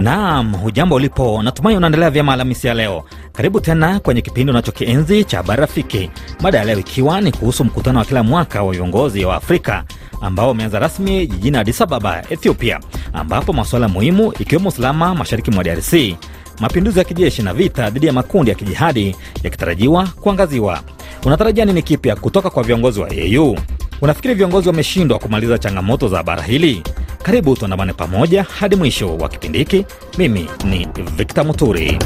Naam, hujambo ulipo, natumai unaendelea vyema alamisi ya leo. Karibu tena kwenye kipindi unachokienzi cha Habari Rafiki, mada ya leo ikiwa ni kuhusu mkutano wa kila mwaka wa viongozi wa Afrika ambao umeanza rasmi jijini adisababa Ababa, Ethiopia, ambapo masuala muhimu ikiwemo usalama mashariki mwa DRC, mapinduzi ya kijeshi na vita dhidi ya makundi ya kijihadi yakitarajiwa kuangaziwa. Unatarajia nini kipya kutoka kwa viongozi wa AU? Unafikiri viongozi wameshindwa kumaliza changamoto za bara hili? Karibu tuandamane pamoja hadi mwisho wa kipindi hiki. Mimi ni Victor Muturi.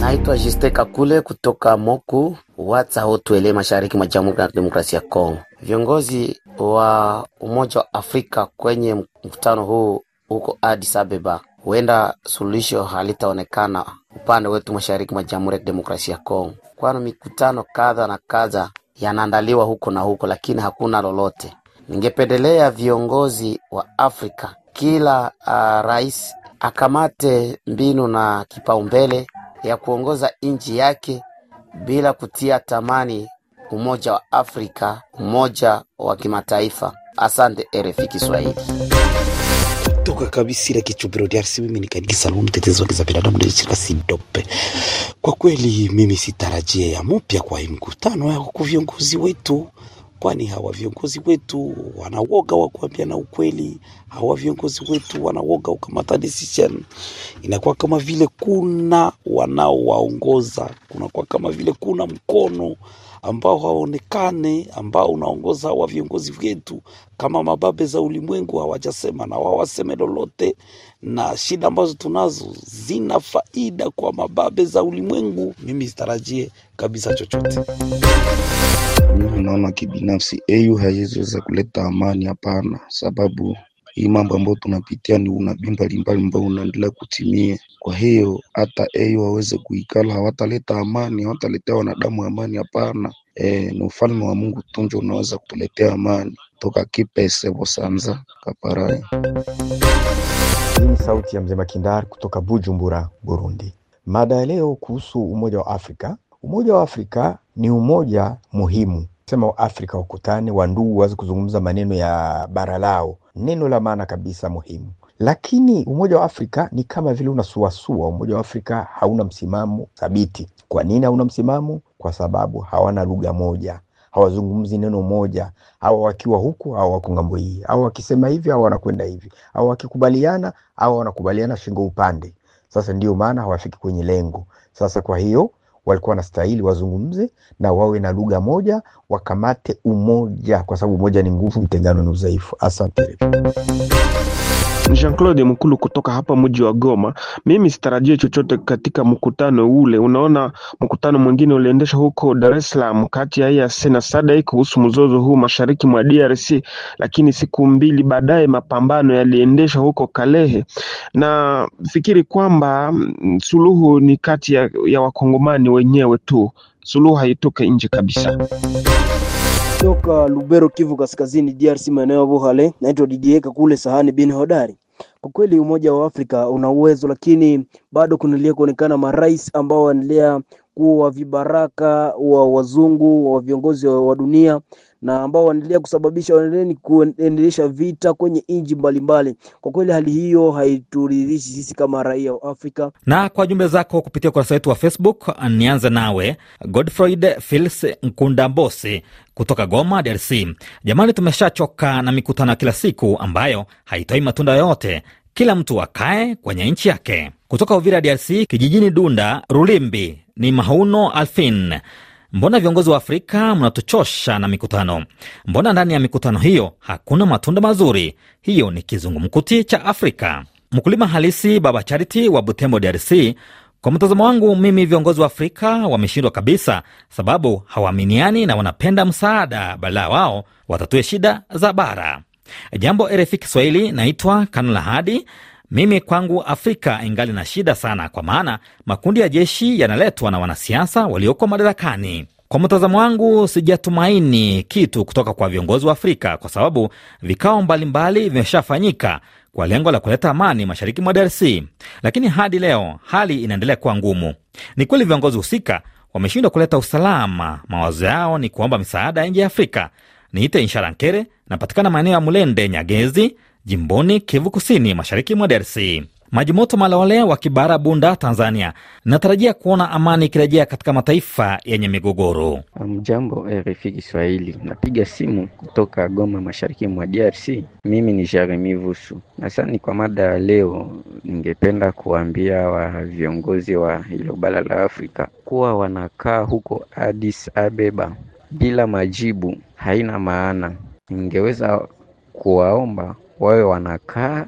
Naitwa Jisteka Kule kutoka Moku Watsa Hotuele, mashariki mwa Jamhuri ya Kidemokrasia ya Kongo. Viongozi wa Umoja wa Afrika kwenye mkutano huu huko Addis Abeba, huenda suluhisho halitaonekana upande wetu mashariki mwa Jamhuri ya Kidemokrasia ya Kongo, kwani mikutano kadha na kadha yanaandaliwa huko na huko, lakini hakuna lolote. Ningependelea viongozi wa Afrika, kila uh, rais akamate mbinu na kipaumbele ya kuongoza nchi yake bila kutia tamani umoja wa Afrika, umoja wa kimataifa. Asante RFI Kiswahili kutoka kabisa ile kichubiro DRC. Mimi nikadiki Salum, mtetezi wa binadamu ndio shirika Sidope. Kwa kweli mimi sitarajia ya mpya kwa mkutano ya viongozi wetu kwani hawa viongozi wetu wanawoga wa na ukweli. Hawa viongozi wetu wanawoga ukamata decision. Inakuwa kama vile kuna wanaowaongoza, kunakuwa kama vile kuna mkono ambao haonekane ambao unaongoza hawa viongozi wetu. Kama mababe za ulimwengu hawajasema na waseme lolote, na shida ambazo tunazo zina faida kwa mababe za ulimwengu. Mimi sitarajie kabisa chochote mimi naona kibinafsi au haiwezi kuleta amani, hapana, sababu hii mambo ambayo tunapitia ni unabii mbalimbali ambao unaendelea kutimia. Kwa hiyo hata au waweze kuikala, hawataleta amani, hawataletea wanadamu amani, hapana. E, ni ufalme wa Mungu ndio unaweza kutuletea amani toka kipese bosanza kaparai Hii ni sauti ya mzee Makindar kutoka Bujumbura, Burundi. Mada ya leo kuhusu Umoja wa Afrika Umoja wa Afrika ni umoja muhimu sema Waafrika wakutane, wandugu waweze kuzungumza maneno ya bara lao, neno la maana kabisa muhimu. Lakini umoja wa Afrika ni kama vile unasuasua. Umoja wa Afrika hauna msimamo thabiti. Kwa nini hauna msimamo? Kwa sababu hawana lugha moja, hawazungumzi neno moja. Hawa wakiwa huku, hawa wako ngambo hii, hawa wakisema hivi, hawa wanakwenda hivi, hawa wakikubaliana, hawa wanakubaliana shingo upande. Sasa ndio maana hawafiki kwenye lengo. Sasa kwa hiyo walikuwa wanastahili wazungumze na wawe na lugha moja, wakamate umoja, kwa sababu umoja ni nguvu, mtengano ni udhaifu. Asante. Jean-Claude Mkulu kutoka hapa mji wa Goma. Mimi sitarajie chochote katika mkutano ule. Unaona, mkutano mwingine uliendeshwa huko Dar es Salaam kati ya EAC na SADC kuhusu mzozo huu mashariki mwa DRC, lakini siku mbili baadaye mapambano yaliendeshwa huko Kalehe, na fikiri kwamba mm, suluhu ni kati ya, ya wakongomani wenyewe tu. Suluhu haitoke nje kabisa. Toka Lubero, Kivu Kaskazini, DRC, maeneo ya Buhale. Naitwa Didier kule Sahani bin Hodari. Kwa kweli Umoja wa Afrika una uwezo, lakini bado kunalia kuonekana marais ambao wanaendelea kuwa vibaraka wa wazungu wa viongozi wa dunia na ambao wanaendelea kusababisha wanaendelea kuendelesha vita kwenye nchi mbalimbali. Kwa kweli hali hiyo haituridhishi sisi kama raia wa Afrika. Na kwa jumbe zako kupitia ukurasa wetu wa Facebook, nianze nawe Godfrey Fils Nkundambosi kutoka Goma, DRC. Jamani, tumeshachoka na mikutano ya kila siku ambayo haitoi matunda yoyote. Kila mtu akae kwenye nchi yake. Kutoka Uvira, DRC, kijijini Dunda Rulimbi ni Mahuno Alfin Mbona viongozi wa Afrika mnatuchosha na mikutano? Mbona ndani ya mikutano hiyo hakuna matunda mazuri? Hiyo ni kizungumkuti cha Afrika. Mkulima halisi Baba Charity wa Butembo, DRC. Kwa mtazamo wangu mimi, viongozi wa Afrika wameshindwa kabisa, sababu hawaaminiani na wanapenda msaada badala wao watatue shida za bara. Jambo RFI Kiswahili, naitwa Kanula Hadi. Mimi kwangu Afrika ingali na shida sana, kwa maana makundi ya jeshi yanaletwa na wanasiasa walioko madarakani. Kwa mtazamo wangu, sijatumaini kitu kutoka kwa viongozi wa Afrika kwa sababu vikao mbalimbali vimeshafanyika kwa lengo la kuleta amani mashariki mwa DRC, lakini hadi leo hali inaendelea kuwa ngumu. Ni kweli viongozi husika wameshindwa kuleta usalama, mawazo yao ni kuomba misaada ya nje ya Afrika. Niite Inshara Nkere, napatikana maeneo ya Mulende, Nyagezi jimboni Kivu Kusini, mashariki mwa DRC. Majimoto malawale wa Kibara, Bunda, Tanzania, natarajia kuona amani ikirejea katika mataifa yenye migogoro. Mjambo RFI Kiswahili, napiga simu kutoka Goma, mashariki mwa DRC. Mimi ni Jeremi Vusu. Nasani kwa mada ya leo, ningependa kuwaambia wa viongozi wa hilo bara la Afrika kuwa wanakaa huko Addis Abeba bila majibu haina maana. Ningeweza kuwaomba wawe wanakaa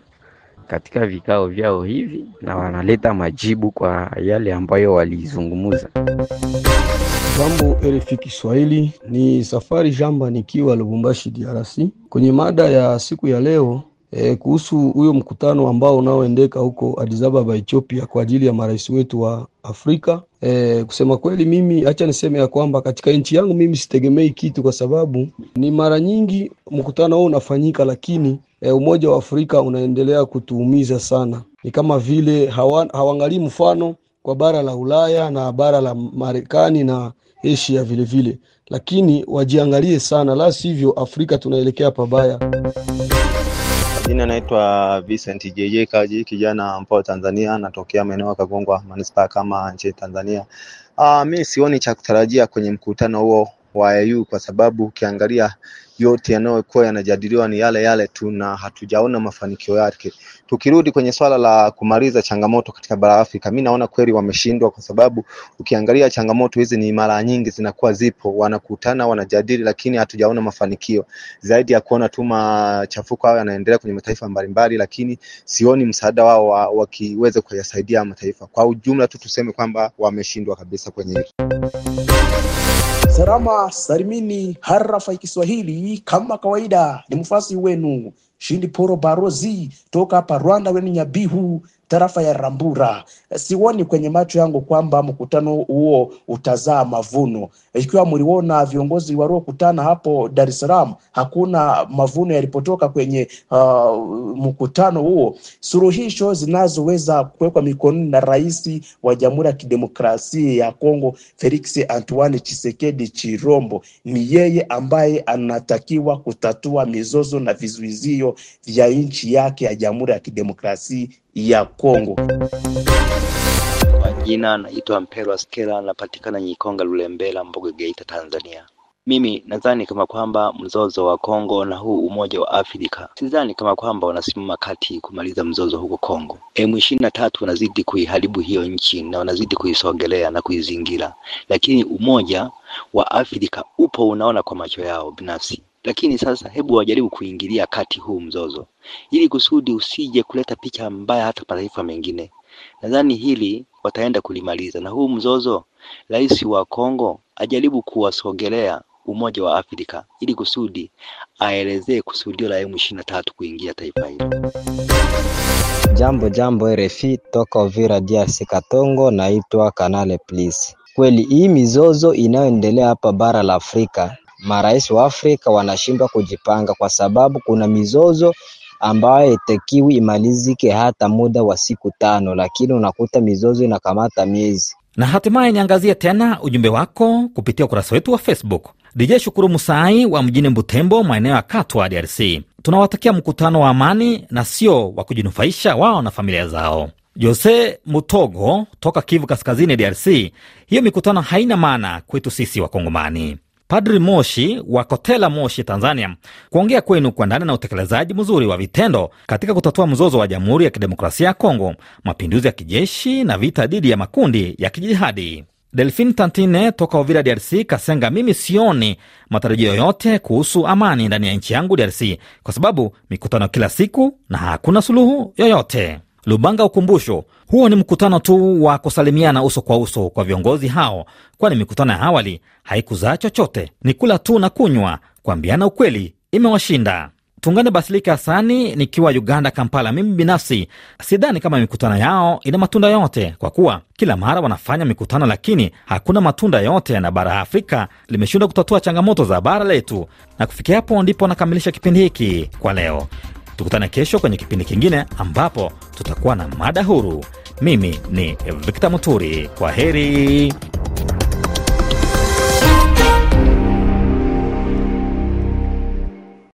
katika vikao vyao hivi na wanaleta majibu kwa yale ambayo walizungumza. Jambo RFI Kiswahili, ni safari jamba nikiwa Lubumbashi DRC. Kwenye mada ya siku ya leo E, kuhusu huyo mkutano ambao unaoendeka huko Addis Ababa Ethiopia, kwa ajili ya marais wetu wa Afrika. E, kusema kweli mimi acha niseme ya kwamba katika nchi yangu mimi sitegemei kitu, kwa sababu ni mara nyingi mkutano huo unafanyika, lakini e, Umoja wa Afrika unaendelea kutuumiza sana. Ni kama vile hawa, mfano kwa bara la Ulaya na bara la Marekani na Asia vilevile vile. Lakini wajiangalie sana, la sivyo Afrika tunaelekea pabaya. Majina naitwa Vincent JJ Kaji, kijana mpoa Tanzania, natokea maeneo ya Kagongwa manispaa kama nchini Tanzania. Uh, ah, mi sioni cha kutarajia kwenye mkutano huo wa AU kwa sababu ukiangalia yote yanayokuwa yanajadiliwa ni yale yale tu na hatujaona mafanikio yake. Tukirudi kwenye swala la kumaliza changamoto katika bara Afrika, mi naona kweli wameshindwa, kwa sababu ukiangalia changamoto hizi ni mara nyingi zinakuwa zipo, wanakutana wanajadili, lakini hatujaona mafanikio zaidi ya kuona tu machafuko hayo yanaendelea kwenye mataifa mbalimbali, lakini sioni msaada wao wakiweza kuyasaidia mataifa kwa ujumla. Tu tuseme kwamba wameshindwa kabisa kwenye hili. Salama salimini, ya Kiswahili kama kawaida, ni mfasi wenu Shindi poro barozi toka hapa Rwanda, weni Nyabihu, tarafa ya Rambura. siwoni kwenye macho yangu kwamba mkutano huo utazaa mavuno ikiwa mliona viongozi waliokutana hapo Dar es Salaam, hakuna mavuno yalipotoka kwenye uh, mkutano huo. Suluhisho zinazoweza kuwekwa mikononi na rais wa Jamhuri ya Kidemokrasia ya Kongo Felix Antoine Tshisekedi Chirombo, ni yeye ambaye anatakiwa kutatua mizozo na vizuizio vya nchi yake ya Jamhuri ya Kidemokrasia ya Kongo majina anaitwa Mpelwa Skela, anapatikana Nyikonga, Lulembela, Mbogo, Geita, Tanzania. Mimi nadhani kama kwamba mzozo wa Kongo na huu umoja wa Afrika, sidhani kama kwamba wanasimama kati kumaliza mzozo huko Kongo. M23 wanazidi kuiharibu hiyo nchi na wanazidi kuisogelea na kuizingira, lakini umoja wa Afrika upo, unaona kwa macho yao binafsi. Lakini sasa hebu wajaribu kuingilia kati huu mzozo, ili kusudi usije kuleta picha mbaya hata mataifa mengine. Nadhani hili wataenda kulimaliza. Na huu mzozo, rais wa Kongo ajaribu kuwasogelea Umoja wa Afrika ili kusudi aelezee kusudio la M23 kuingia taifa hilo. Jambo jambo RFI toka Uvira DRC Katongo, naitwa Kanale Please. Kweli hii mizozo inayoendelea hapa bara la Afrika, marais wa Afrika wanashindwa kujipanga kwa sababu kuna mizozo ambayo haitakiwi imalizike hata muda wa siku tano, lakini unakuta mizozo inakamata miezi. Na hatimaye niangazie tena ujumbe wako kupitia ukurasa wetu wa Facebook. DJ Shukuru Musai wa mjini Mbutembo, maeneo ya Katwa, DRC, tunawatakia mkutano wa amani na sio wa kujinufaisha wao na familia zao. Jose Mutogo toka Kivu Kaskazini, DRC, hiyo mikutano haina maana kwetu sisi Wakongomani. Padri Moshi wa Kotela, Moshi, Tanzania, kuongea kwenu kwa ndani na utekelezaji mzuri wa vitendo katika kutatua mzozo wa Jamhuri ya Kidemokrasia ya Kongo, mapinduzi ya kijeshi na vita dhidi ya makundi ya kijihadi. Delphine Tantine toka Uvira, DRC, Kasenga, mimi sioni matarajio yoyote kuhusu amani ndani ya nchi yangu DRC kwa sababu mikutano kila siku na hakuna suluhu yoyote. Lubanga ukumbusho, huo ni mkutano tu wa kusalimiana uso kwa uso kwa viongozi hao, kwani mikutano ya awali haikuzaa chochote, ni kula tu na kunywa. Kuambiana ukweli imewashinda. Tungane Basilika Hasani nikiwa Uganda, Kampala. Mimi binafsi sidhani kama mikutano yao ina matunda yote, kwa kuwa kila mara wanafanya mikutano lakini hakuna matunda yote, na bara ya Afrika limeshindwa kutatua changamoto za bara letu. Na kufikia hapo ndipo nakamilisha kipindi hiki kwa leo. Tukutane kesho kwenye kipindi kingine ambapo tutakuwa na mada huru. Mimi ni Victor Muturi, kwa heri.